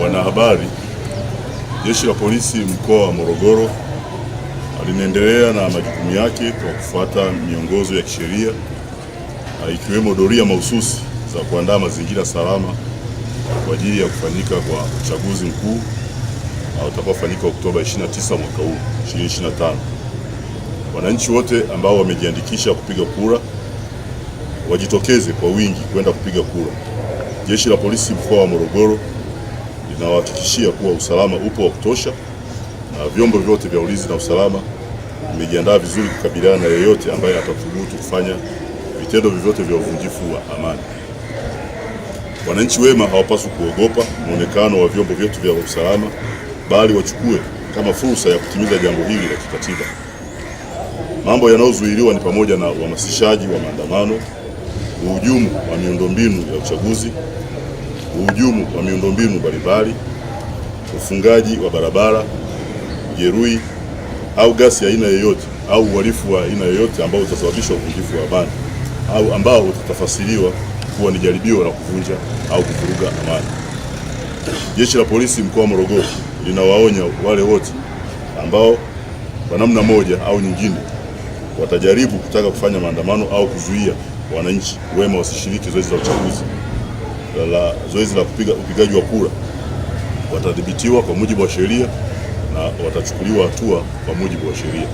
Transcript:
Wanahabari, jeshi la polisi mkoa wa Morogoro linaendelea na majukumu yake kwa kufuata miongozo ya kisheria ikiwemo doria mahususi za kuandaa mazingira salama kwa ajili ya kufanyika kwa uchaguzi mkuu utakaofanyika Oktoba 29 mwaka huu 2025. Wananchi wote ambao wamejiandikisha kupiga kura wajitokeze kwa wingi kwenda kupiga kura. Jeshi la polisi mkoa wa Morogoro ninawahakikishia kuwa usalama upo wa kutosha na vyombo vyote vya ulinzi na usalama vimejiandaa vizuri kukabiliana na yeyote ambaye atathubutu kufanya vitendo vyovyote vya uvunjifu wa amani. Wananchi wema hawapaswi kuogopa mwonekano wa vyombo vyetu vya usalama, bali wachukue kama fursa ya kutimiza jambo hili la kikatiba. Mambo yanayozuiliwa ni pamoja na uhamasishaji wa maandamano, uhujumu wa miundombinu ya uchaguzi uhujumu wa miundombinu mbalimbali, ufungaji wa barabara, jeruhi au gasi ya aina yoyote au uhalifu wa aina yoyote ambao utasababisha uvunjifu wa amani au ambao utatafasiriwa kuwa ni jaribio la kuvunja au kuvuruga amani. Jeshi la Polisi mkoa wa Morogoro linawaonya wale wote ambao kwa namna moja au nyingine watajaribu kutaka kufanya maandamano au kuzuia wananchi wema wasishiriki zoezi la uchaguzi la zoezi la kupiga upigaji wa kura watadhibitiwa kwa mujibu wa sheria na watachukuliwa hatua kwa mujibu wa sheria.